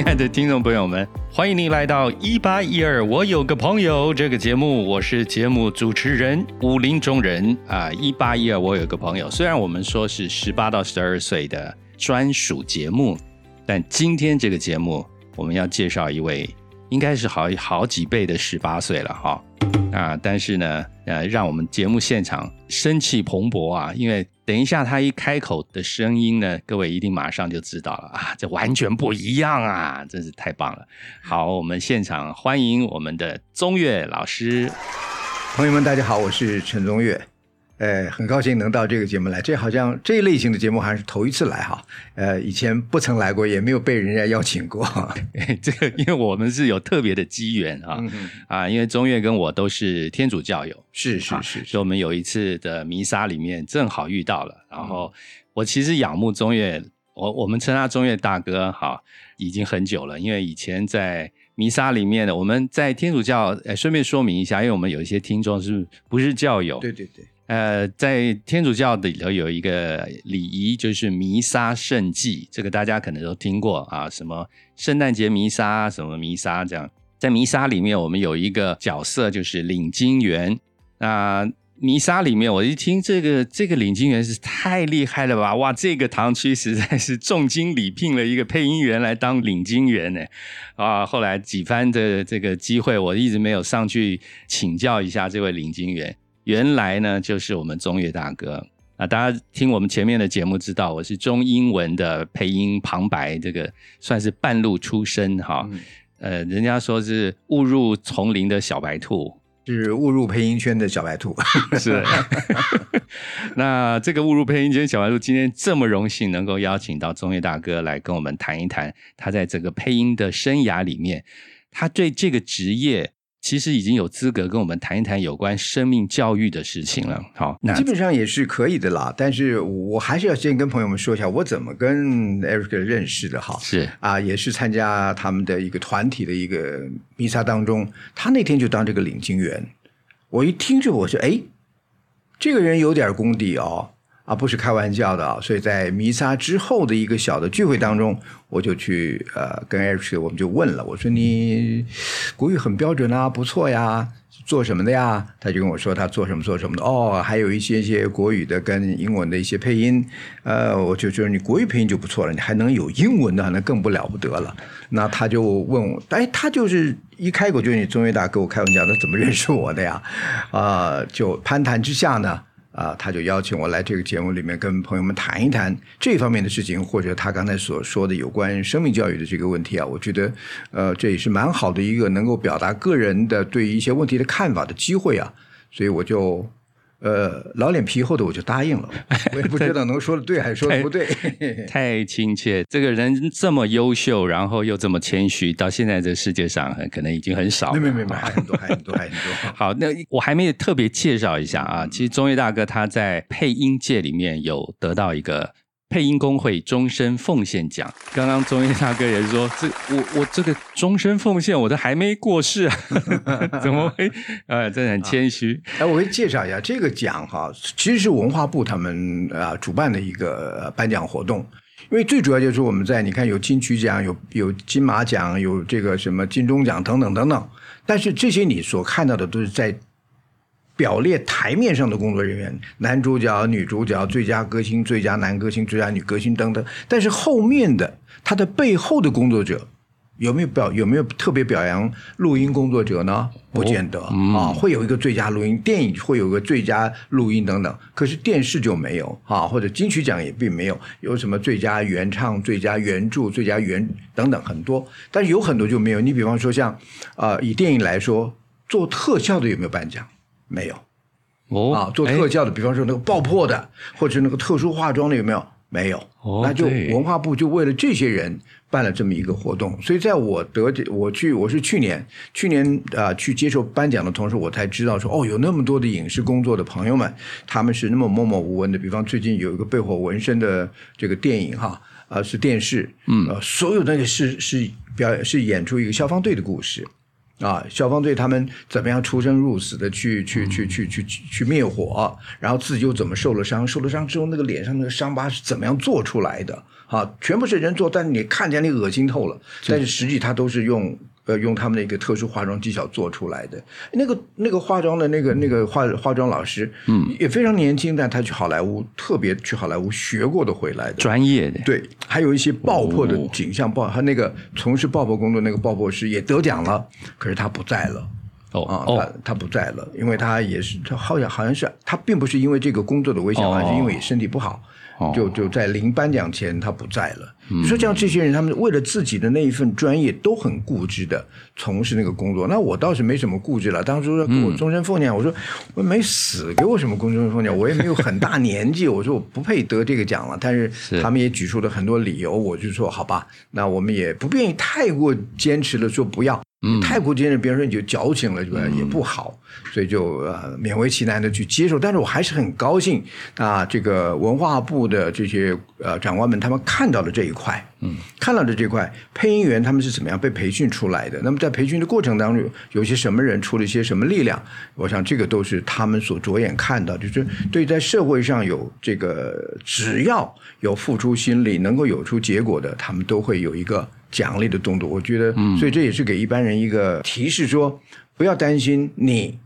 親愛的聽眾朋友們，歡迎您來到《一八一二》，我有個朋友這個節目，我是節目主持人五零中人啊，《一八一二》，我有個朋友，雖然我們說是十八到十二歲的專屬節目，但今天這個節目我們要介紹一位。應該是好好幾倍的十八歲了哈、哦、啊！但是呢，呃，讓我們節目現場生氣蓬勃啊！因為等一下他一開口的聲音呢，各位一定馬上就知道了啊，這完全不一樣啊，真是太棒了！好，我們現場歡迎我們的宗岳老師，朋友們，大家好，我是陳宗岳。呃，很高興能到這個節目來。這好像這一類型的節目還是頭一次來哈、呃，以前不曾來過，也沒有被人家邀請過。這個，因為我們是有特別的機緣哈、啊嗯。啊，因為宗岳跟我都是天主教友，是是是，是、啊，所以我們有一次的彌撒裡面正好遇到了。然後我其實仰慕宗岳，我我們稱他宗岳大哥哈、啊，已經很久了。因為以前在彌撒裡面呢，我們在天主教。哎，順便說明一下，因為我們有一些聽眾是不是，不是教友？對對對。呃，在天主教的裡頭有一個禮儀，就是彌撒聖祭。這個大家可能都聽過啊，什麼聖誕節彌撒，什麼彌撒這樣。在彌撒裡面，我們有一個角色，就是領經員。啊、呃，彌撒裡面，我一聽這個這個領經員是太厲害了吧！哇，這個堂區實在是重金禮聘了一個配音員來當領經員呢。啊，後來幾番的這個機會，我一直沒有上去請教一下這位領經員。原來呢，就是我們宗岳大哥啊！大家聽我們前面的節目知道，我是中英文的配音旁白，這個算是半路出身哈、哦嗯。呃，人家說是誤入叢林的小白兔，是誤入配音圈的小白兔。是。 那這個誤入配音圈小白兔，今天這麼榮幸能夠邀請到宗岳大哥來跟我們談一談，他在這個配音的生涯裡面，他對這個職業。其實已經有資格跟我們談一談有關生命教育的事情了。嗯。好，那基本上也是可以的啦。但是我還是要先跟朋友們說一下，我怎麼跟 Erica 認識的。哈，是啊，也是參加他們的一個團體的一個彌撒當中，他那天就當這個領經員。我一聽着我說哎，這個人有點功底哦。」啊，不是開玩笑的啊！所以在彌撒之後的一個小的聚會當中，我就去呃跟 Eric 我們就問了，我說你國語很標準啊，不錯呀，做什麼的呀？他就跟我說他做什麼做什麼的哦，還有一些一些國語的跟英文的一些配音，呃，我就覺得你國語配音就不錯了，你還能有英文的，那更不了不得了。那他就問我，哎，他就是一開口就是你宗岳大跟我開玩笑，他怎麼認識我的呀？啊、呃，就攀談之下呢。啊，他就邀請我來這個節目裡面跟朋友們談一談這方面的事情，或者他剛才所說的有關生命教育的這個問題啊，我覺得，呃，這也是蠻好的一個能夠表達個人的對一些問題的看法的機會啊，所以我就。呃，老臉皮厚的我就答應了，我也不知道能說的對還是說的不對。哎、太，太親切，這個人這麼優秀，然後又這麼謙虛，嗯、到現在這世界上可能已經很少了。沒沒沒有，還很多，還很多， 還很多。好，那我還沒有特別介紹一下啊，其實宗岳大哥他在配音界裡面有得到一個。配音工會終身奉獻獎，剛剛宗岳大哥也說，這我我這個終身奉獻，我都還沒過世啊，啊，怎麼會？哎、呃，真的很謙虛。哎、啊，我給你介紹一下，這個獎哈，其實是文化部他們啊、呃、主辦的一個頒獎活動，因為最主要就是我們在你看有金曲獎，有有金馬獎，有這個什麼金鐘獎等等等等，但是這些你所看到的都是在。表列台面上的工作人員，男主角、女主角、最佳歌星、最佳男歌星、最佳女歌星等等。但是後面的，它的背後的工作者有沒有表？有沒有特別表揚錄音工作者呢？不見得啊、哦嗯哦。會有一個最佳錄音，電影會有一個最佳錄音等等。可是電視就沒有啊、哦，或者金曲獎也並沒有有什麼最佳原唱、最佳原著、最佳原等等很多，但是有很多就沒有。你比方說像啊、呃，以電影來說，做特效的有沒有頒獎？沒有，哦啊，做特效的，欸，比方說那個爆破的，或者那個特殊化妝的，有沒有？沒有，那就文化部就為了這些人辦了這麼一個活動。哦，所以在我得我去，我是去年去年啊，呃，去接受頒獎的同時，我才知道說哦，有那麼多的影視工作的朋友們，他們是那麼默默無聞的。比方最近有一個被火紋身的這個電影哈啊，呃，是電視嗯啊，呃，所有那個是，嗯、是，是表演是演出一個消防隊的故事。啊，消防隊他們怎麼樣出生入死的去，嗯，去去去去去滅火啊，然後自己又怎麼受了傷？受了傷之後，那個臉上那個傷疤是怎麼樣做出來的？啊，全部是人做，但是你看見你惡心透了，嗯，但是實際他都是用。呃，用他們的一個特殊化妝技巧做出來的，那個那個化妝的那個那個化、嗯、化妝老師，嗯，也非常年輕，但他去好萊塢，特別去好萊塢學過的回來的專業的，對，還有一些爆破的景象爆、哦，他那個從事爆破工作那個爆破師也得獎了，可是他不在了。嗯哦啊，哦，他他不在了，哦，因為他也是，他好像好像是他並不是因為這個工作的危險，而，哦、是因為身體不好，哦，就就在臨頒獎前他不在了。你，嗯、說像這，這些人，他們為了自己的那一份專業，都很固執的從事那個工作，嗯。那我倒是沒什麼固執了，當初說給我終身奉獻，嗯，我說我沒死，給我什麼終身奉獻？我也沒有很大年紀， 我說我不配得這個獎了。但是他們也舉出了很多理由，我就說好吧，那我們也不願意太過堅持了，說不要。嗯，太過堅韌，別人說你就矯情了，對吧？也不好，所以就呃勉為其難的去接受。但是我還是很高興啊，這個文化部的這些呃長官們，他們看到了這一塊，嗯，看到了這一塊配音員他們是怎麼樣被培訓出來的，那麼在培訓的過程當中，有些什麼人出了一些什麼力量？我想這個都是他們所着眼看到，就是對在社會上有這個只要有付出心力能夠有出結果的，他們都會有一個，獎勵的動作，我覺得，嗯，所以這也是給一般人一個提示說：說不要擔心你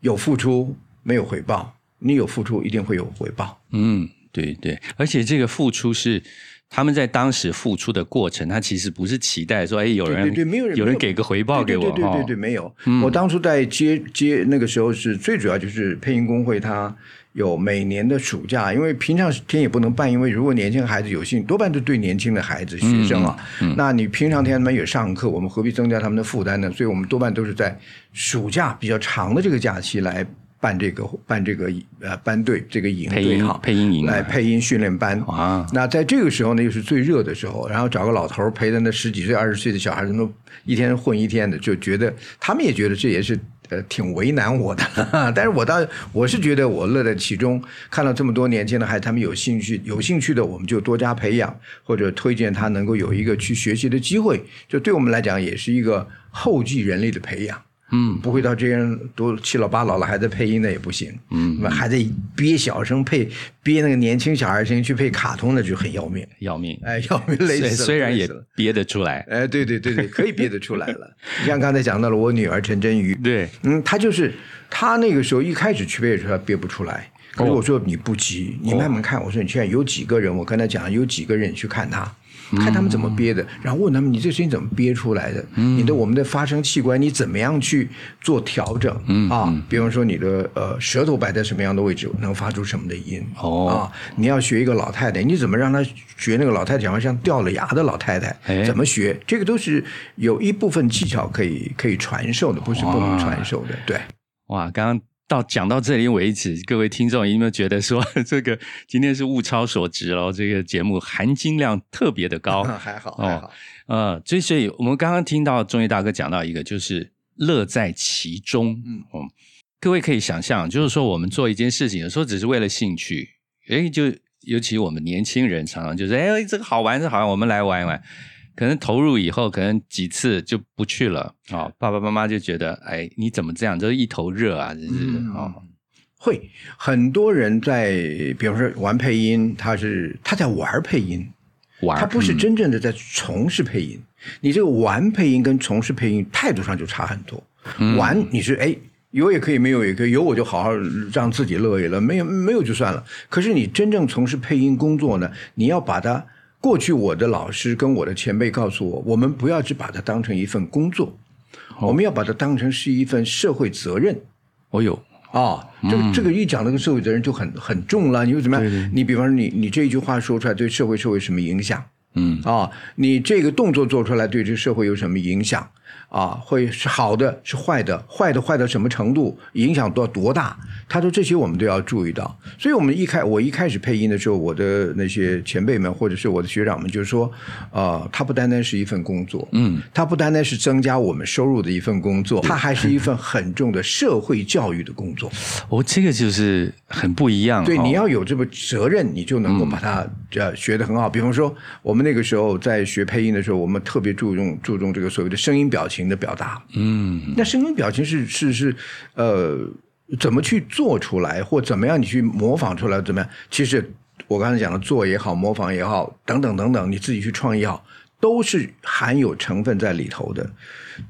有付出沒有回報，你有付出一定會有回報。嗯，對對，而且這個付出是。他們在當時付出的過程，他其實不是期待說，哎，有人，對對對沒有，人有人給個回報給我對對，對對對對，沒有。嗯。我當初在接接那個時候是，是最主要就是配音工會，他有每年的暑假，因為平常天也不能辦，因為如果年輕的孩子有幸，多半都對年輕的孩子學生啊，嗯嗯。那你平常天他們也上課，我們何必增加他們的負擔呢？所以我們多半都是在暑假比較長的這個假期來。辦這個，辦這個，呃，班隊，這個營配音好，配音營來、呃、配音訓練班啊。那在這個時候呢，又、就是最熱的時候，然後找個老頭陪着那十幾歲、二十歲的小孩子，都一天混一天的，就覺得他們也覺得這也是呃挺為難我的，但是我倒我是覺得我樂在其中，看到這麼多年輕的孩子，他們有興趣有興趣的，我們就多加培養或者推薦他能夠有一個去學習的機會，就對我們來講也是一個後繼人力的培養。嗯，不會到這樣都七老八老了還在配音的也不行，嗯，還在憋小聲配，憋那個年輕小孩聲音去配卡通的就很要命，要命，哎，要命累死，累死雖然也憋得出來，哎，對對對對，可以憋得出來了。 像剛才講到了我女兒陳真瑜，對， 嗯，她就是她那個時候一開始去配的時候她憋不出來，可是我說你不急、哦，你慢慢看。我說你現在有幾個人，哦、我跟她講有幾個人去看她。看他們怎麼憋的，嗯、然後問他們：你這聲音怎麼憋出來的、嗯？你的我們的發聲器官你怎麼樣去做調整？嗯、啊，比方說你的呃舌頭擺在什麼樣的位置能發出什麼的音？哦、啊，你要學一個老太太，你怎麼讓她學那個老太太，好像掉了牙的老太太，哎，怎麼學？這個都是有一部分技巧可以可以傳授的，不是不能傳授的。對，哇，剛剛。到講到這裡為止，各位聽眾有沒有覺得說這個今天是物超所值嘍？這個節目含金量特別的高。 還好、哦，還好。呃，之所，所以我們剛剛聽到宗岳大哥講到一個，就是樂在其中。哦、嗯，各位可以想象，就是說我們做一件事情，有時候只是為了興趣。誒就尤其我們年輕人常常就是，誒這個好玩，這個、好玩，我們來玩一玩。可能投入以後，可能幾次就不去了啊、哦！爸爸媽媽就覺得，哎，你怎麼這樣？就是一頭熱啊，真是啊、哦！會很多人在，比方說玩配音，他是他在玩配音，玩他不是真正的在從事配音、嗯。你這個玩配音跟從事配音態度上就差很多。嗯、玩你是哎有也可以，沒有也可以，有我就好好讓自己樂一樂，沒有沒有就算了。可是你真正從事配音工作呢，你要把它。過去我的老師跟我的前輩告訴我，我們不要只把它當成一份工作，oh. 我們要把它當成是一份社會責任。我有啊，這個、mm. 這個一講那個社會責任就很很重了。你又怎麼樣？對對你比方說你，你你這一句話說出來對社會社會什麼影響？嗯、mm. 啊、哦，你這個動作做出來對這個社會有什麼影響？啊，會是好的，是壞的，壞的壞到什麼程度，影響到多，多大？他說這些我們都要注意到。所以，我們一開我一開始配音的時候，我的那些前輩們或者是我的學長們，就說，啊、呃，它不單單是一份工作，嗯，它不單單是增加我們收入的一份工作，它還是一份很重的社會教育的工作。哦，這個就是很不一樣，對，哦、你要有這個責任，你就能夠把它呃，學得很好、嗯。比方說，我們那個時候在學配音的時候，我們特別注重注重這個所謂的聲音表情，的表達，嗯，那聲音表情是是是，呃，怎麼去做出來，或怎麼樣你去模仿出來，怎麼樣？其實我剛才講的做也好，模仿也好，等等等等，你自己去創意也好，都是含有成分在裡頭的。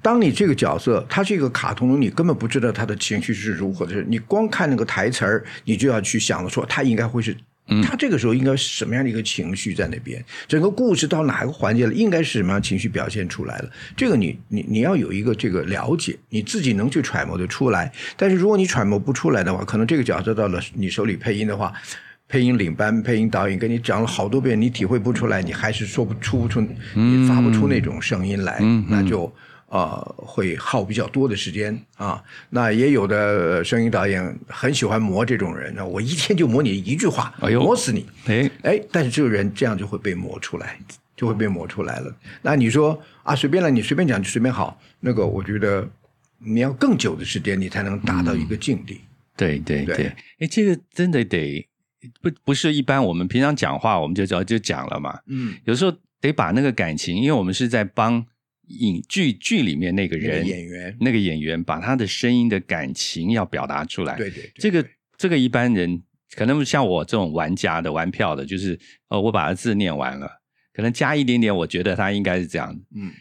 當你這個角色他是一個卡通，你根本不知道他的情緒是如何的，你光看那個台詞兒，你就要去想著，說他應該會是。嗯、他這個時候應該是什麼樣的一個情緒在那邊？整個故事到哪一個環節了？應該是什麼樣的情緒表現出來了？這個你你你要有一個這個了解，你自己能去揣摩得出來。但是如果你揣摩不出來的話，可能這個角色到了你手裡配音的話，配音領班、配音導演跟你講了好多遍，你體會不出來，你還是說不出不出，你發不出那種聲音來，嗯嗯嗯嗯、那就。啊、呃，會耗比較多的時間啊。那也有的聲音導演很喜歡磨這種人呢。那我一天就磨你一句話，哎呦，磨死你。哎哎，但是這個人這樣就會被磨出來，就會被磨出來了。那你說啊，隨便了，你隨便講就隨便好。那個，我覺得你要更久的時間，你才能達到一個境地。嗯、對對對，對，哎，這個真的得不不是一般。我們平常講話，我們就知道就講了嘛。嗯，有時候得把那個感情，因為我們是在幫。影劇劇裡面那個人，那個、演員那個演員把他的聲音的感情要表達出來。對對，對，這個這個一般人可能像我這種玩家的玩票的，就是呃，我把他字念完了，可能加一點點，我覺得他應該是這樣。嗯，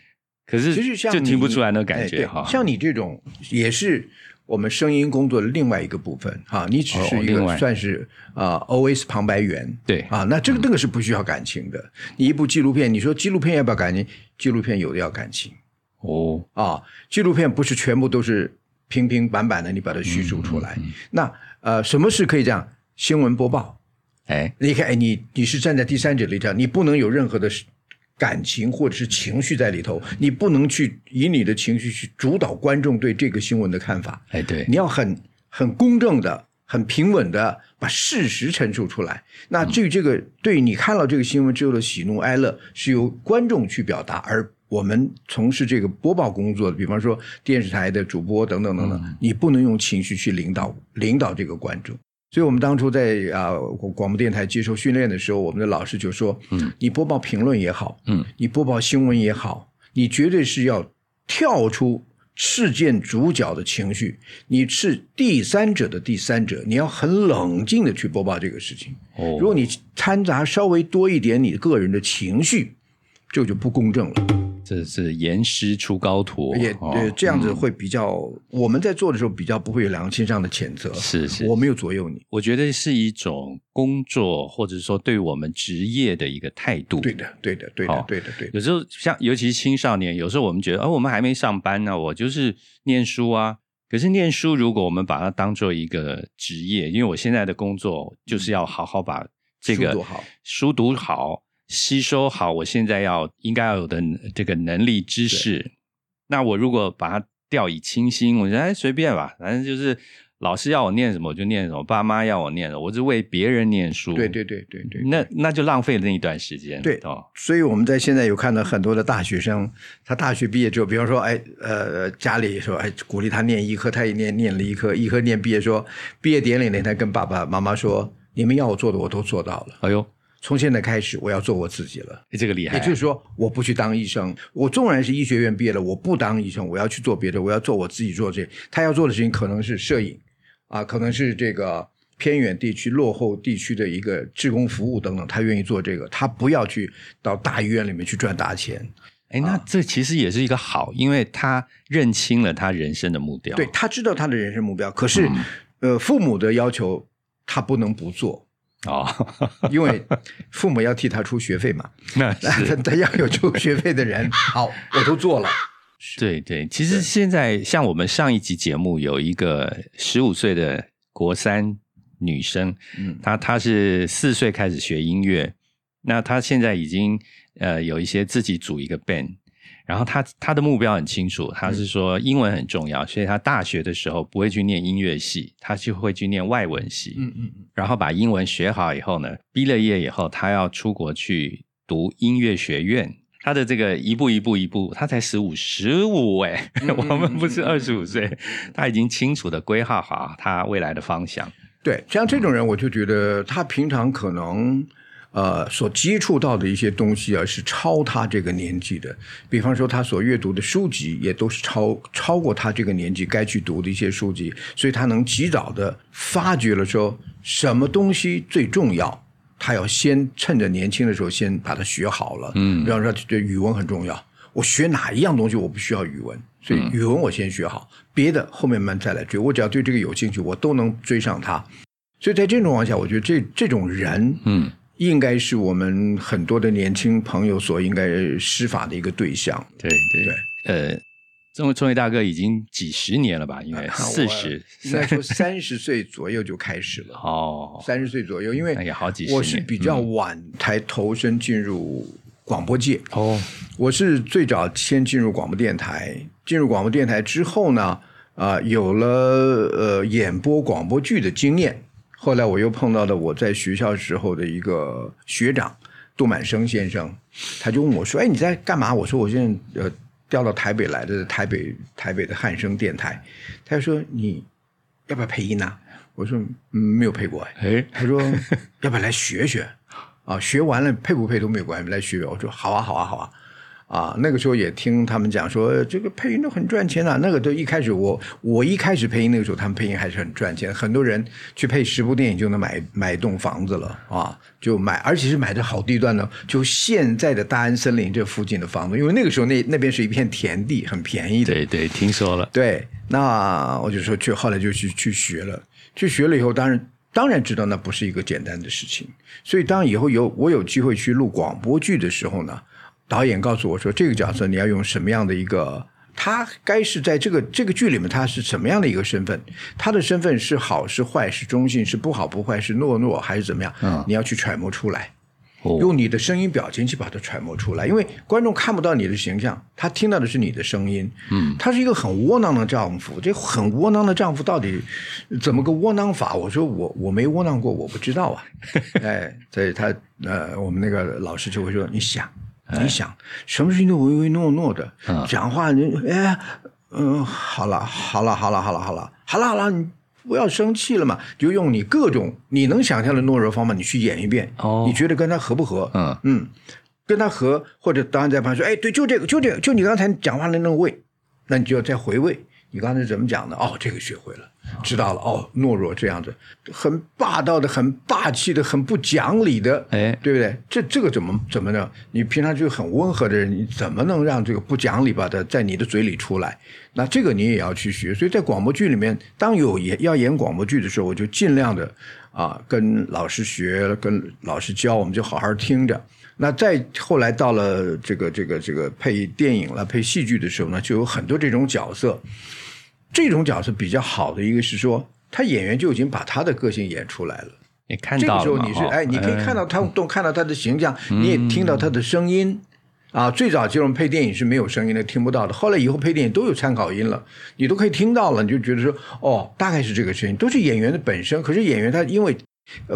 可是就聽不出來那感覺像你，對，像你這種也是我們聲音工作的另外一個部分，啊、你只是一個算是、哦、啊 OS 旁白員。對啊，那這個那個是不需要感情的。嗯、你一部紀錄片，你說紀錄片要不要感情？紀錄片有的要感情哦！啊，哦，紀錄片不是全部都是平平板板的，你把它敘述出來。嗯嗯嗯，那呃，什麼是可以這樣新聞播報？哎，你看，哎，你你是站在第三者立場，你不能有任何的感情或者是情緒在裡頭，你不能去以你的情緒去主導觀眾對這個新聞的看法。哎，對，你要很很公正的。很平穩的把事實陳述出來。那至於這個，對你看到這個新聞之後的喜怒哀樂，是由觀眾去表達，而我們從事這個播報工作的，比方說電視台的主播等等等等，你不能用情緒去領導，領導這個觀眾。所以我們當初在啊廣播電台接受訓練的時候，我們的老師就說，嗯，你播報評論也好，嗯，你播報新聞也好，你絕對是要跳出。事件主角的情緒，你是第三者的第三者，你要很冷靜的去播報這個事情。Oh. 如果你摻雜稍微多一點你個人的情緒，這就，就不公正了。這是嚴師出高徒，也對、哦，這樣子會比較、嗯。我們在做的時候比較不會有良心上的譴責，是是，我沒有左右你。我覺得是一種工作，或者說對我們職業的一個態度。對的，對的，對的、哦，對的，對的，對的。有時候像尤其是青少年，有時候我們覺得，哦，我們還沒上班呢、啊，我就是念書啊。可是念書，如果我們把它當做一個職業，因為我現在的工作就是要好好把這個書讀好。吸收好，我現在要應該要有的這個能力知識。那我如果把它掉以輕心，我覺得哎隨便吧，反正就是老師要我念什麼我就念什麼，爸媽要我念的，我就為別人念書。對對對對對，對，那那就浪費了那一段時間。對。哦。所以我們在現在有看到很多的大學生，他大學畢業之後，比方說哎呃家裡說哎鼓勵他念醫科，他也念念了醫科，醫科念畢業說畢業典禮那天跟爸爸媽媽說，你們要我做的我都做到了。哎呦。從現在開始，我要做我自己了。這個厲害！啊，也就是說，我不去當醫生。我縱然是醫學院畢業了，我不當醫生，我要去做別的。我要做我自己做這。他要做的事情可能是攝影，啊，可能是這個偏遠地區、落後地區的一個志工服務等等。他願意做這個，他不要去到大醫院裡面去賺大錢。哎，那這其實也是一個好，因為他認清了他人生的目標。對，他知道他的人生目標，可是，嗯、呃，父母的要求，他不能不做。哦， 因為父母要替他出學費嘛 ，那是 他要有出學費的人，好，我都做了 對對，其實現在像我們上一集節目有一個十五歲的國三女生，嗯，她她是四歲開始學音樂，那她現在已經呃有一些自己組一個 band。然後他他的目標很清楚，他是說英文很重要，嗯，所以他大學的時候不會去念音樂系，他就會去念外文系。嗯嗯嗯。然後把英文學好以後呢，畢了業以後，他要出國去讀音樂學院。他的這個一步一步一步，他才十五十五哎，嗯、 我們不是二十五歲，他已經清楚的規劃好他未來的方向。對，像這種人，我就覺得他平常可能。呃，所接觸到的一些東西啊，是超他這個年紀的。比方說，他所閱讀的書籍也都是超超過他這個年紀該去讀的一些書籍，所以他能及早的發覺了說什麼東西最重要，他要先趁着年輕的時候先把它學好了。嗯。比方說，這語文很重要，我學哪一樣東西我不需要語文，所以語文我先學好，嗯、別的後面慢慢再來追。我只要對這個有興趣，我都能追上他。所以在這種情況下，我覺得這這種人，嗯。應該是我們很多的年輕朋友所應該施法的一個對象。對對對，呃，宗宗岳大哥，已經幾十年了吧？應該四十，啊、應該說三十歲左右就開始了。哦，三十歲左右，因為也好幾，我是比較晚才投身進入廣播界。哦、嗯，我是最早先進入廣播電台，進入廣播電台之後呢，啊、呃，有了呃演播廣播劇的經驗。後來我又碰到了我在學校時候的一個學長杜滿生先生，他就問我說：“哎，你在幹嘛？”我說：“我現在呃調到台北來的，台北台北的漢聲電台。”他說：“你要不要配音吶？”我說：“嗯，沒有配過。”哎，他說：“ 要不要來學學？”啊，學完了配不配都沒有關係，來學。我說：“好啊，好啊，好啊。”啊，那個時候也聽他們講說，這個配音都很賺錢啊。那個都一開始我，我我一開始配音那個時候，他們配音還是很賺錢，很多人去配十部電影就能買買一棟房子了啊，就買，而且是買的好地段呢。就現在的大安森林這附近的房子，因為那個時候那那邊是一片田地，很便宜的。對對，聽說了。對，那我就說去，後來就去去學了，去學了以後，當然當然知道那不是一個簡單的事情。所以當以後有我有機會去錄廣播劇的時候呢。導演告訴我說：“這個角色你要用什麼樣的一個？他該是在這個這個劇裡面，他是什麼樣的一個身份？他的身份是好是壞，是中性，是不好不壞，是懦弱還、嗯、還是怎麼樣？你要去揣摩出來，哦，用你的聲音表情去把它揣摩出來。因為觀眾看不到你的形象，他聽到的是你的聲音。嗯，他是一個很窩囊的丈夫，這很窩囊的丈夫到底怎麼個窩囊法？我說我我沒窩囊過，我不知道啊。 哎，所以他呃，我們那個老師就會說，你想。”哎、你想什麼事情都唯唯諾諾的，嗯，講話你哎，嗯，好了，好了，好了，好了，好了，好了，好了，你不要生氣了嘛，就用你各種你能想象的懦弱方法，你去演一遍。哦，你覺得跟他合不合？嗯嗯，跟他合，或者導演在旁邊說，哎，對，就這個，就這個，就你剛才講話的那個味，那你就要再回味。你剛才怎麼講的？哦，這個學會了，知道了。哦，懦弱這樣子，很霸道的，很霸氣的，很不講理的，哎，對不對？這這個怎麼怎麼着？你平常就很溫和的人，你怎麼能讓這個不講理吧的在你的嘴裡出來？那這個你也要去學。所以在廣播劇裡面，當有演要演廣播劇的時候，我就儘量的啊，跟老師學，跟老師教，我們就好好聽着。那再後來到了這個這個這個配電影了，配戲劇的時候呢，就有很多這種角色，這種角色比較好的一個是說，他演員就已經把他的個性演出來了。你看到、這個、時候你是，哎，你可以看到他，都、嗯、看到他的形象，你也聽到他的聲音、嗯、啊。最早這種配電影是沒有聲音的，聽不到的。後來以後配電影都有參考音了，你都可以聽到了，你就覺得說，哦，大概是這個聲音，都是演員的本身。可是演員他因為。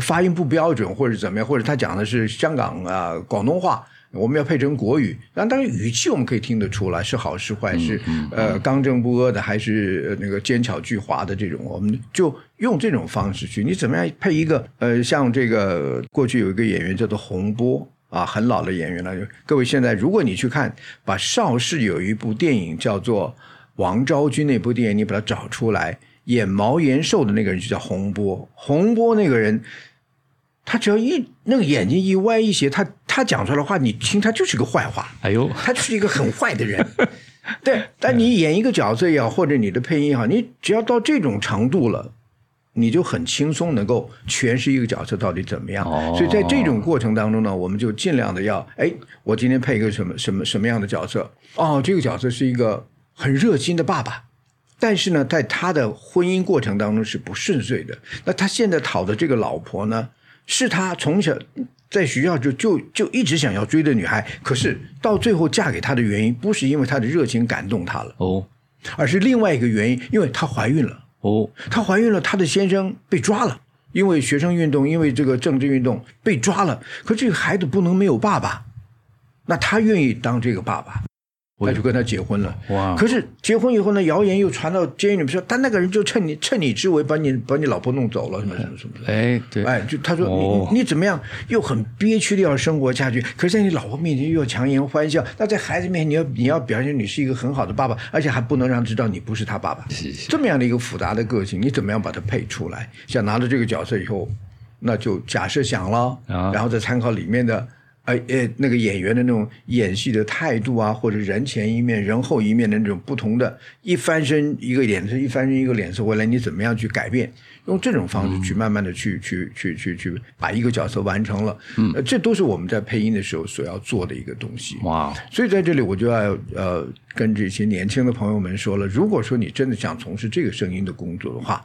發音不標準，或者怎麼樣，或者他講的是香港啊、呃、廣東話，我們要配成國語。但當然語氣我們可以聽得出來是好是壞，嗯、是呃剛正不阿的還是、呃、那個奸巧巨猾的這種，我們就用這種方式去。你怎麼樣配一個呃像這個過去有一個演員叫做洪波啊，很老的演員了。各位現在如果你去看，把邵氏有一部電影叫做《王昭君》那部電影，你把它找出來。演毛延壽的那個人就叫洪波，洪波那個人，他只要一那個眼睛一歪一斜，他他講出來的話，你聽他就是個壞話。哎呦，他就是一個很壞的人。 對，但你演一個角色也好， 或者你的配音也好，你只要到這種程度了，你就很輕鬆能夠詮釋一個角色到底怎麼樣。哦，所以在這種過程當中呢，我們就盡量的要，哎，我今天配一個什麼什麼什麼樣的角色？哦，這個角色是一個很熱心的爸爸。但是呢，在他的婚姻過程當中是不順遂的。那他現在討的這個老婆呢，是他從小在學校就就就一直想要追的女孩。可是到最後嫁給他的原因，不是因為他的熱情感動她了哦，而是另外一個原因，因為她懷孕了哦，她懷孕了，她的先生被抓了，因為學生運動，因為這個政治運動被抓了。可這個孩子不能沒有爸爸，那他願意當這個爸爸。他就跟他結婚了。哇！可是結婚以後呢，謠言又傳到監獄裡面，說但那個人就趁你趁你之危，把你把你老婆弄走了什麼什麼什麼。哎，對，哎，就他說你你怎麼樣，又很憋屈的要生活下去。可是，在你老婆面前，又強顏歡笑，那在孩子面前，你要你要表現你是一個很好的爸爸，而且還不能讓知道你不是他爸爸。這麼樣的一個複雜的個性，你怎麼樣把它配出來？想拿到這個角色以後，那就假設想了，然後再參考裡面的。哎、呃、哎、呃，那個演員的那種演戲的態度啊，或者人前一面、人後一面的那種不同的，一翻身一個眼神，一翻身一個臉色，未來你怎麼樣去改變？用這種方式去慢慢的去、嗯、去去去去把一個角色完成了，嗯、呃，這都是我們在配音的時候所要做的一個東西。哇、嗯！所以在這裡，我就要呃跟這些年輕的朋友們說了，如果說你真的想從事這個聲音的工作的話，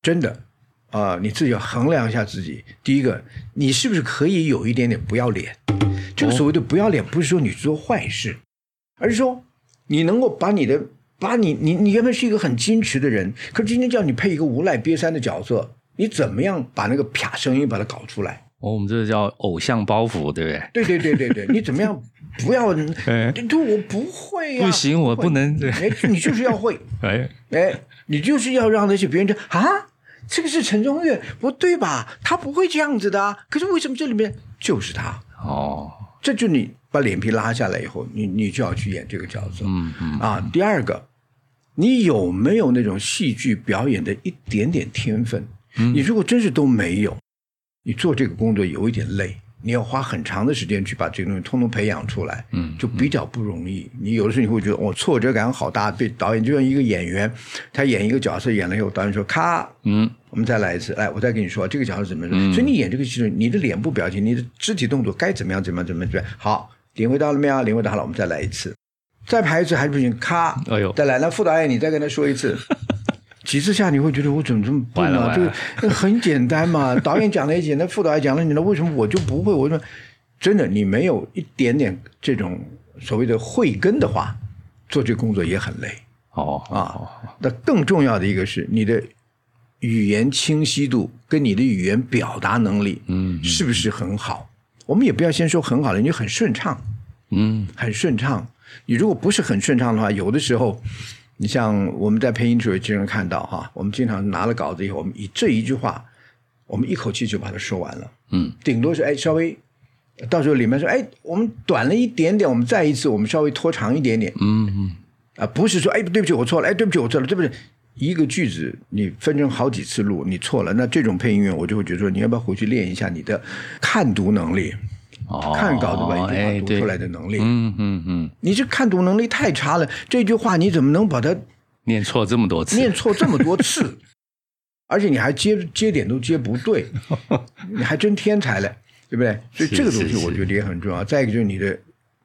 真的。啊，你自己要衡量一下自己。第一個，你是不是可以有一點點不要臉？這個所謂的不要臉，不是說你做壞事，哦，而是說你能夠把你的把你你你原本是一個很矜持的人，可是今天叫你配一個無賴癟三的角色，你怎麼樣把那個啪聲音把它搞出來？哦，我們這叫偶像包袱，對不對？對對對對對，你怎麼樣？不要，哎，我不會，啊，不行，我不能。哎，你就是要會。哎哎，你就是要讓那些別人就啊。這個是陳宗岳，不對吧？他不會這樣子的。可是為什麼這裡面就是他？哦，這就是你把臉皮拉下來以後，你你就要去演這個角色。嗯嗯啊，第二個，你有沒有那種戲劇表演的一點點天分？嗯，你如果真是都沒有，你做這個工作有一點累。你要花很長的時間去把這個東西通通培養出來，嗯，就比較不容易，嗯嗯。你有的時候你會覺得，我挫折感好大。對導演，就像一個演員，他演一個角色，演了以後，導演說咔，嗯，我們再來一次，來，我再跟你說這個角色怎麼說，嗯，所以你演這個戲的時候，你的臉部表情、你的肢體動作該怎麼樣，怎麼樣，怎麼樣，好，領會到了沒有？領會到了，我們再來一次，再排一次還不行，咔，哎呦，再來，那副導演你再跟他說一次。 幾次下你會覺得我怎麼這麼笨呢？就很簡單嘛， 導演講了，也簡單， 副導演講了你，你那為什麼我就不會？我說真的，你沒有一點點這種所謂的慧根的話，做這個工作也很累。哦啊，那、哦、更重要的一個是你的語言清晰度跟你的語言表達能力，嗯，是不是很好、嗯嗯？我們也不要先說很好了，你就很順暢，嗯，很順暢。你如果不是很順暢的話，有的時候。你像我們在配音處也經常看到哈，我們經常拿了稿子以後，我們以這一句話，我們一口氣就把它說完了，嗯，頂多是哎稍微，到時候裡面說哎我們短了一點點，我們再一次我們稍微拖長一點點，嗯嗯，啊不是說哎對不起我錯了哎對不起我錯了，這、哎、不是一個句子你分成好幾次錄你錯了，那這種配音員我就會覺得說你要不要回去練一下你的看讀能力。看稿子把一句話讀出來的能力，嗯嗯嗯，你這看讀能力太差了。這句話你怎麼能把它念錯這麼多次？念錯這麼多次， 而且你還接接點都接不對， 你還真天才了，對不對？所以這個東西我覺得也很重要。再一個就是你的，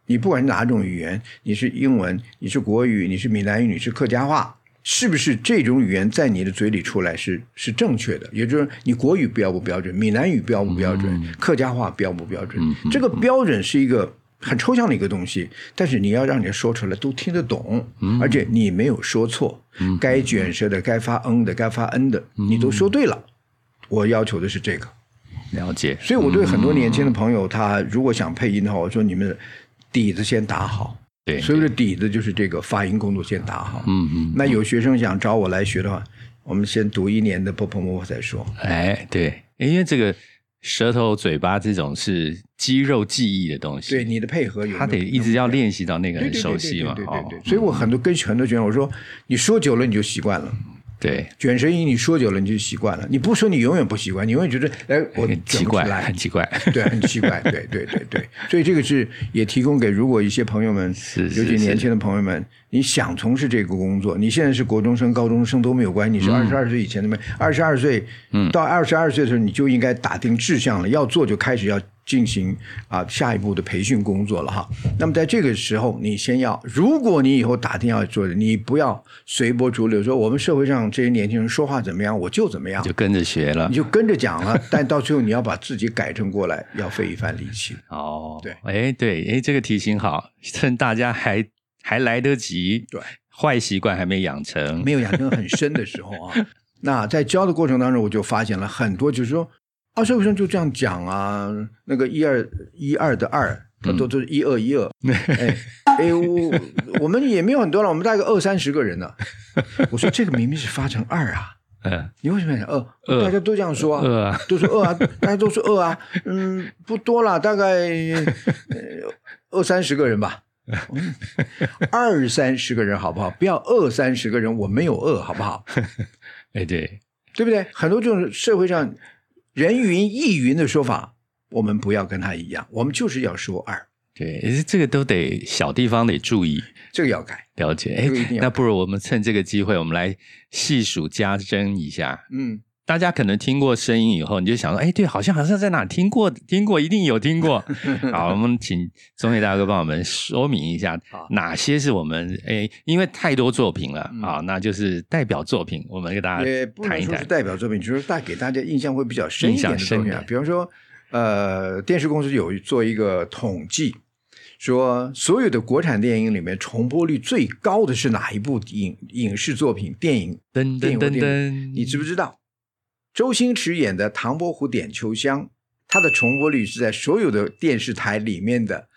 你不管是哪種語言，你是英文，你是國語，你是閩南語，你是客家話。是不是這種語言在你的嘴裡出來是是正確的？也就是你國語標不標準，閩南語標不標準，嗯、客家話標不標準、嗯？這個標準是一個很抽象的一個東西，但是你要讓人說出來都聽得懂、嗯，而且你沒有說錯，嗯、該捲舌的該發嗯的該發嗯的，你都說對了。我要求的是這個，了解。所以我對很多年輕的朋友，他如果想配音的話，我說，你們底子先打好。對,對，所以底的底子就是這個發音工作先打好。嗯嗯。那有學生想找我來學的話，我們先讀一年的波波 p o 再說。哎、欸，對，因為這個舌頭、嘴巴這種是肌肉記憶的東西。對，你的配合有,沒有。他得一直要練習到那個很熟悉嘛，對對對,對,對,對,對,對,對、哦。所以我很多跟很多學員我說，你說久了你就習慣了。對，捲舌音你說久了你就習慣了，你不說你永遠不習慣，你永遠覺得哎，我很奇怪，很奇怪， 對，很奇怪，對對對對，所以這個是也提供給如果一些朋友們，尤 其年輕的朋友們，是是是，你想從事這個工作，你現在是國中生、高中生都沒有關係，你是二十二歲以前的嘛，二十二歲，嗯，到二十二歲的時候你就應該打定志向了，嗯、要做就開始要。進行啊，下一步的培訓工作了哈。那麼在這個時候，你先要，如果你以後打聽要做的，你不要隨波逐流，說我們社會上這些年輕人說話怎麼樣，我就怎麼樣，就跟着學了，你就跟着講了。 但到最後，你要把自己改正過來，要費一番力氣。哦，對，哎，對，哎，這個提醒好，趁，大家還還來得及，對，壞習慣還沒養成， 沒有養成很深的時候啊。那在教的過程當中，我就發現了很多，就是說。啊，社會上就這樣講啊？那個一二一二的二，都都是一二一二。嗯、哎 哎，哎，我我們也沒有很多了，我們大概二三十個人了。我說這個明明是發成二啊，嗯，你為什麼要講二？哦呃、大家都這樣說啊，呃、都說二啊，呃、大家都說二啊。 嗯，不多了，大概、呃、二三十個人吧、嗯。二三十個人好不好？不要二三十個人，我沒有二，好不好？哎， 對，對不對？很多這種社會上。人云亦云的說法，我們不要跟他一樣，我們就是要說二。對，哎，這個都得小地方得注意，這個要改。了解，哎，那不如我們趁這個機會，我們來細數加徵一下。嗯。大家可能聽過聲音以後，你就想說：“哎，對，好像好像在哪聽過，聽過一定有聽過。”好，我們請宗岳大哥幫我們說明一下，哪些是我們哎，因為太多作品了啊，那就是代表作品。我們給大家談一談不是代表作品，就是帶給大家印象會比較深一點的作品，啊印象深的。比方說，呃，電視公司有做一個統計，說所有的國產電影裡面重播率最高的是哪一部影影視作品？電影噔噔噔噔，你知不知道？周星馳演的《唐伯虎點秋香》，它的重播率是在所有的電視台裡面的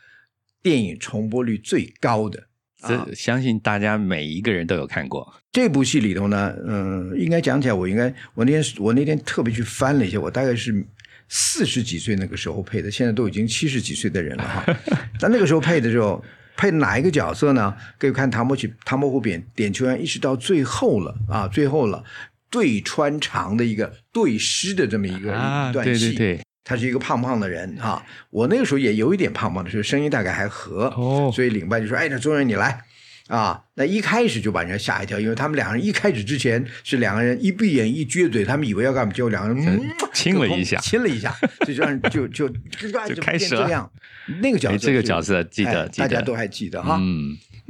電影重播率最高的。這、啊、相信大家每一個人都有看過。這部戲裡頭呢，嗯，應該講起來，我應該我那天我那天特別去翻了一下，我大概是四十幾歲那個時候配的，現在都已經七十幾歲的人了哈。 但那個時候配的時候，配哪一個角色呢？可以看唐伯《唐伯虎唐伯虎點點秋香》，一直到最後了啊，最後了。對穿腸的一個對詩的這麼一個一段戲，他是一個胖胖的人啊。我那個時候也有一點胖胖的，聲音大概還合。哦、所以領班就說：“哎，那宗岳你來啊！”那一開始就把人家嚇一跳，因為他們兩個人一開始之前是兩個人一閉眼一撅嘴，他們以為要幹嘛，結果兩個人親了一下，親了一下，一下 就，就，就，就這樣就就就開始這樣。那個角色，這個角色記得、哎、記得，大家都還記得、嗯、哈。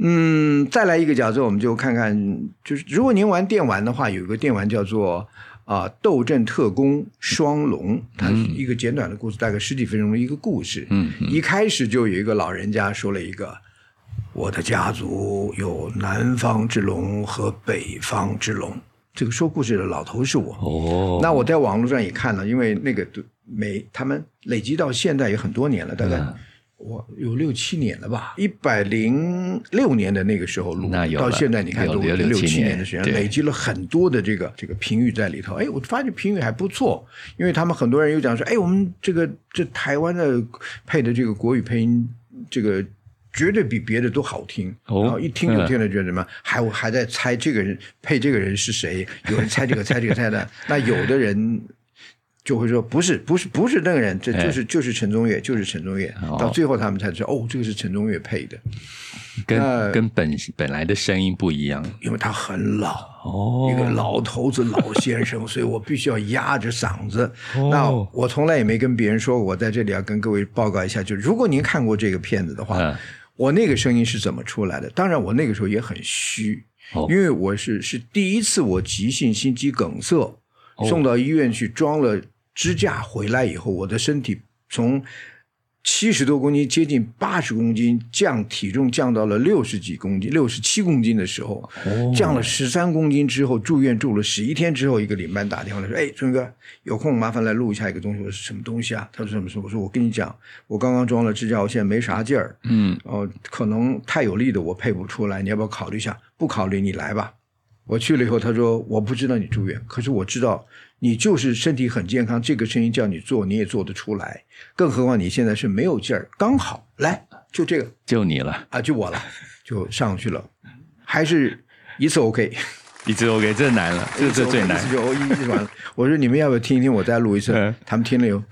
嗯，再來一個角色，我們就看看，就是如果您玩電玩的話，有一個電玩叫做啊、呃《鬥陣特工雙龍》，它是一個簡短的故事，嗯、大概十幾分鐘的一個故事。嗯嗯，一開始就有一個老人家說了一個、嗯，我的家族有南方之龍和北方之龍。這個說故事的老頭是我。哦，那我在網絡上也看了，因為那個都沒他們累積到現在也很多年了，大概、嗯。我、wow, 有六七年了吧，一百零六年的那個時候錄，到現在你看都六七年的時間，累積了很多的這個這個評語在裡頭。哎，我發現評語還不錯，因為他們很多人又講說，哎，我們這個這台灣的配的這個國語配音，這個絕對比別的都好聽。哦，然後一聽就聽了，覺得什麼？嗯、還我還在猜這個人配這個人是誰？有人猜這個， 猜這個，猜的。那有的人。就會說不是不是不是那個人，這就是就是陳宗岳，就是陳宗岳。到最後他們才知道，哦，這個是陳宗岳配的，跟跟本本來的聲音不一樣，因為他很老，一個老頭子老先生，所以我必須要壓着嗓子。那我從來也沒跟別人說，我在這裡要跟各位報告一下，就如果您看過這個片子的話，我那個聲音是怎麼出來的？當然，我那個時候也很虛，因為我是是第一次我急性心肌梗塞。送到醫院去裝了支架，回來以後，我的身體從七十多公斤接近八十公斤降體重降到了六十幾公斤，六十七公斤的時候，哦、降了十三公斤之後，住院住了十一天之後，一個領班打電話來說：“哎，春哥，有空麻煩來錄一下一個東西，我是什麼東西啊？”他說：“什麼事，我說我跟你講，我剛剛裝了支架，我現在沒啥勁兒，嗯，哦、呃，可能太有力的我配不出來，你要不要考慮一下？不考慮你來吧。”我去了以後，他說，我不知道你住院，可是我知道你就是身體很健康。這個聲音叫你做，你也做得出來，更何況你現在是沒有勁兒，剛好來就這個，就你了啊，就我了，就上去了，還是一次 OK，一次 OK，這難了，這 okay，這最難這就 OK， 一完了。我說你們要不要聽一聽我再錄一次？ 他們聽了以後，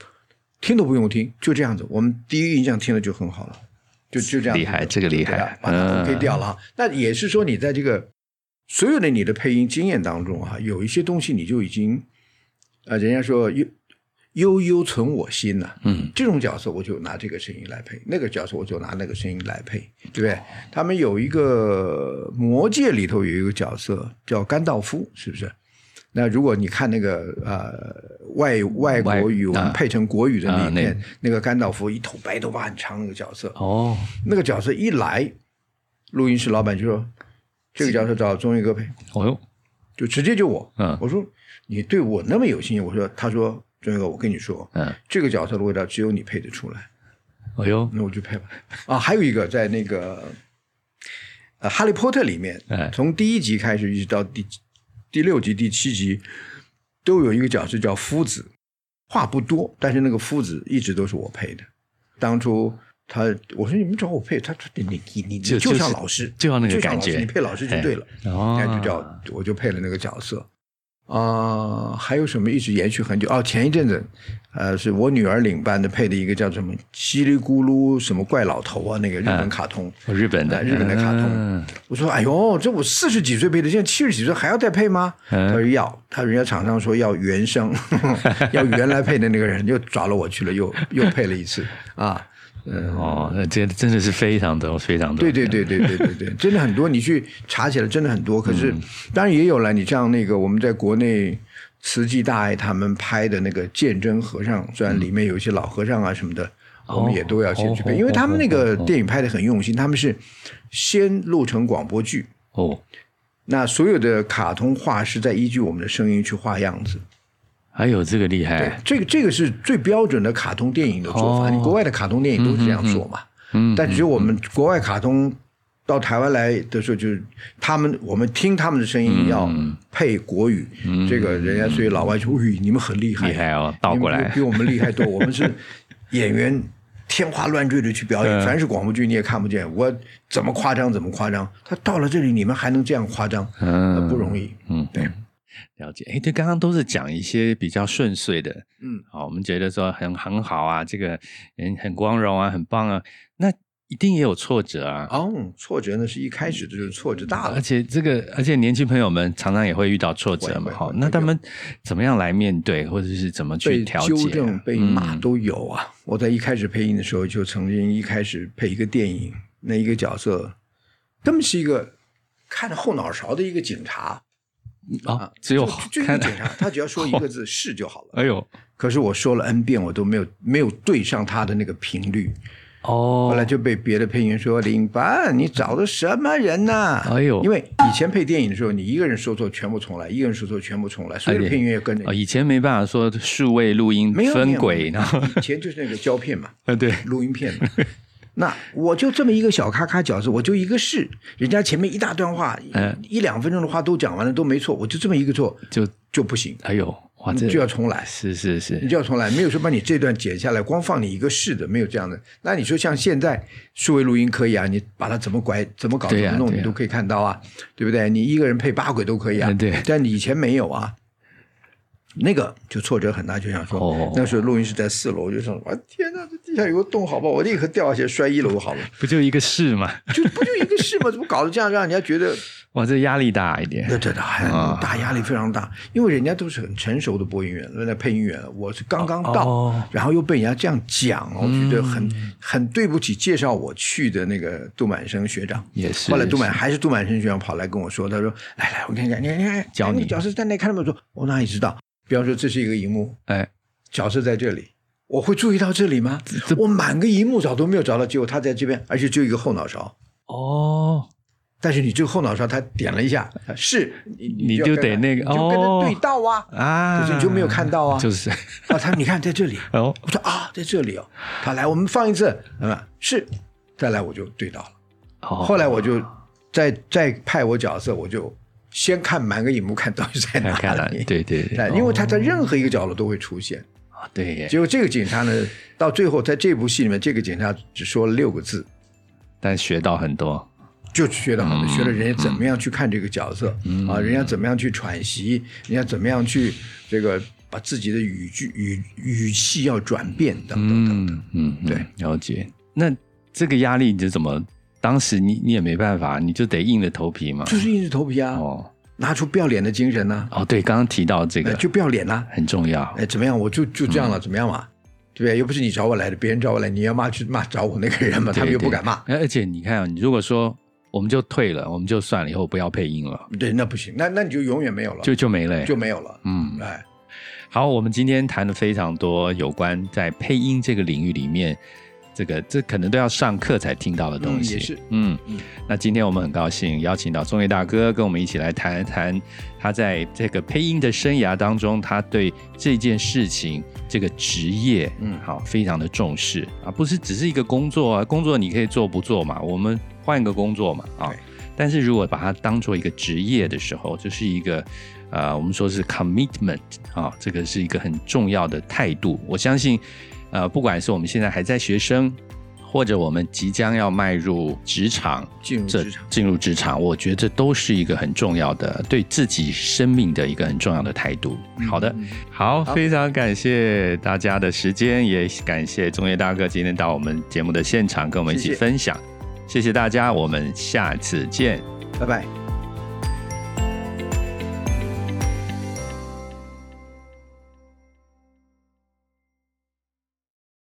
聽都不用聽，就這樣子，我們第一印象聽了就很好了，就就這樣。厲害這，這個厲害、啊、，OK 掉了啊。那、嗯、也是說你在這個。所有的你的配音經驗當中啊，有一些東西你就已經，啊、呃，人家說“悠悠悠存我心啊”了，嗯，這種角色我就拿這個聲音來配，那個角色我就拿那個聲音來配，對不對？他們有一個《魔戒》裡頭有一個角色叫甘道夫，是不是？那如果你看那個呃外外國語文配成國語的裡面，那個甘道夫一頭白頭髮很長那個角色，哦，那個角色一來，錄音室老板就說。這個角色找宗岳哥配，哦呦，就直接就我，嗯、哦，我說你對我那麼有信心，我說他說宗岳哥，我跟你說，嗯，這個角色的味道只有你配得出來，哦呦，嗯、那我就配吧。啊，還有一個在那個呃、啊《哈利波特》裡面，從第一集開始一直到第第六集、第七集，都有一個角色叫夫子，話不多，但是那個夫子一直都是我配的，當初。他我說，你們找我配，他說你，你你你就像老師就，就像那個感覺，你，就你配老師就對了，那、哦哎、就叫我就配了那個角色啊、呃、還有什麼一直延續很久哦，前一陣子呃是我女兒領班的配的一個叫什麼嘰里咕嚕什麼怪老頭啊，那個日本卡通、嗯嗯、日本的日本的卡通、嗯、我說哎呦，這我四十幾歲配的，現在七十幾歲還要再配嗎？嗯、他說要，他人家廠商說要原聲 要原來配的那個人又找了我去了 又又配了一次啊。嗯哦，那這真的是非常多的，非常多的，對對對對對對對，真的很多。 你去查起來真的很多，可是當然也有了。你像那個我們在國內慈濟大愛他們拍的那個《鑑真和尚》，雖然裡面有一些老和尚啊什麼的，嗯、我們也都要先去看、哦，因為他們那個電影拍的很用心、哦，他們是先錄成廣播劇哦，那所有的卡通畫師再依據我們的聲音去畫樣子。還、哎、有這個厲害，對，這個這個是最標準的卡通電影的做法、哦。國外的卡通電影都是這樣做嘛。嗯，嗯，嗯，但只有我們國外卡通到台灣來的時候，就是他們、嗯、他們，我們聽他們的聲音要配國語，嗯、這個人家所以老外說、嗯：“你們很厲害，厲害哦。倒過來比我們厲害多。 我們是演員天花亂墜的去表演，凡 是廣播劇你也看不見，我怎麼誇張怎麼誇張。他到了這裡，你們還能這樣誇張，嗯呃、不容易。嗯，對。了解哎，對，剛剛都是講一些比較順遂的，嗯，哦、我們覺得說很很好啊，這個很很光榮啊，很棒啊，那一定也有挫折啊。哦，挫折呢是一開始就是挫折大了、嗯，而且這個而且年輕朋友們常常也會遇到挫折嘛，那他們怎麼樣來面對，或者是怎麼去調整、啊？被糾正，被罵都有啊、嗯。我在一開始配音的時候，就曾經一開始配一個電影，那一個角色他們是一個看着後腦勺的一個警察。啊，只有，就一檢查，他只要說一個字、哦、是就好了。哎呦，可是我說了 n 遍，我都沒有沒有對上他的那個頻率。哦，後來就被別的配音員說，領班，你找的什麼人呢、啊？哎呦，因為以前配電影的時候，你一個人說錯，全部重來；一個人說錯，全部重來。所以配音員也跟着你、哎哦。以前沒辦法說數位錄音，沒有分軌呢。以前就是那個膠片嘛，哎、對，錄音片嘛。哎那我就這麼一個小咔咔角色，我就一個事。人家前面一大段話、呃，一兩分鐘的話都講完了，都沒錯，我就這麼一個錯就就不行。哎呦，你就要重來，是是是，你就要重來，沒有說把你這段剪下來，光放你一個事的，沒有這樣的。那你說像現在數位錄音可以啊，你把它怎麼拐，怎麼搞，怎麼弄，你都可以看到啊，對不對？你一個人配八軌都可以啊，嗯、對。但你以前沒有啊。那個就挫折很大，就想說，oh. 那時候錄音室在四樓，我就想哇，天哪，這地下有個洞好，好不好？我立刻掉下去摔一樓好了。不就一個事嗎？ 就不就一個事嗎？怎麼搞得這樣，讓人家覺得哇，這壓力大一點？對的，很大，壓力非常大，oh. 因為人家都是很成熟的播音員、那配音員，我是剛剛到，oh. 然後又被人家這樣講，oh. 我覺得很很對不起介紹我去的那個杜滿生學長。也是後來杜滿是還是杜滿生學長跑來跟我說，他說：“來來，我跟你講，你看你兩你角是在那看他們說，我哪裡知道。”比方說，這是一個熒幕，哎，角色在這裡，我會注意到這裡嗎？我滿個熒幕找都沒有找到，結果他在這邊，而且就一個後腦勺。哦，但是你這個後腦勺，他點了一下，是，你，你就得那個，就跟他對到啊啊，哦就是、你就沒有看到啊，就是啊，他你看在這裡，哦、我說啊，在這裡哦，他來，我們放一次，是，再來我就對到了，哦、後來我就再再派我角色，我就。先看滿個熒幕，看到底在哪裡？看看對對對，對，因為他在任何一個角落都會出現。啊、哦，對。結果這個警察呢，到最後在這部戲裡面，這個警察只說了六個字，但學到很多，就學到很多，嗯、學了人家怎麼樣去看這個角色，嗯、啊，人家怎麼樣去喘息、嗯，人家怎麼樣去這個把自己的語句語語氣要轉變等等等等嗯嗯。嗯，對，了解。那這個壓力你是怎麼？當時你你也沒辦法，你就得硬着頭皮嘛，就是硬着頭皮啊，哦，拿出不要臉的精神啊。哦，對，剛剛提到這個，呃、就不要臉啦、啊，很重要。哎，怎麼樣，我就就這樣了、嗯，怎麼樣嘛？對，又不是你找我來的，別人找我來的，你要罵去罵找我那個人嘛，他們又不敢罵。對對，而且你看、啊，你如果說我們就退了，我們就算了，以後不要配音了。對，那不行，那那你就永遠沒有了，就就沒了，就沒有了。嗯，哎，好，我們今天談了非常多，有關在配音這個領域裡面。這個這可能都要上課才聽到的東西，嗯，嗯嗯，那今天我們很高興邀請到宗岳大哥跟我們一起來談一談他在這個配音的生涯當中，他對這件事情這個職業，嗯，好、哦，非常的重視啊，不是只是一個工作啊，工作你可以做不做嘛，我們換一個工作嘛啊、哦，但是如果把它當做一個職業的時候，就是一個，呃，我們說是 commitment 啊、哦，這個是一個很重要的態度，我相信。呃，不管是我們現在還在學生，或者我們即將要邁入職場，進入職場，進入職場，我覺得這都是一個很重要的、對自己生命的一個很重要的態度。好的，嗯、好、好，非常感謝大家的時間，也感謝宗岳大哥今天到我們節目的現場跟我們一起分享。謝謝，謝、謝大家，我們下次見，拜拜。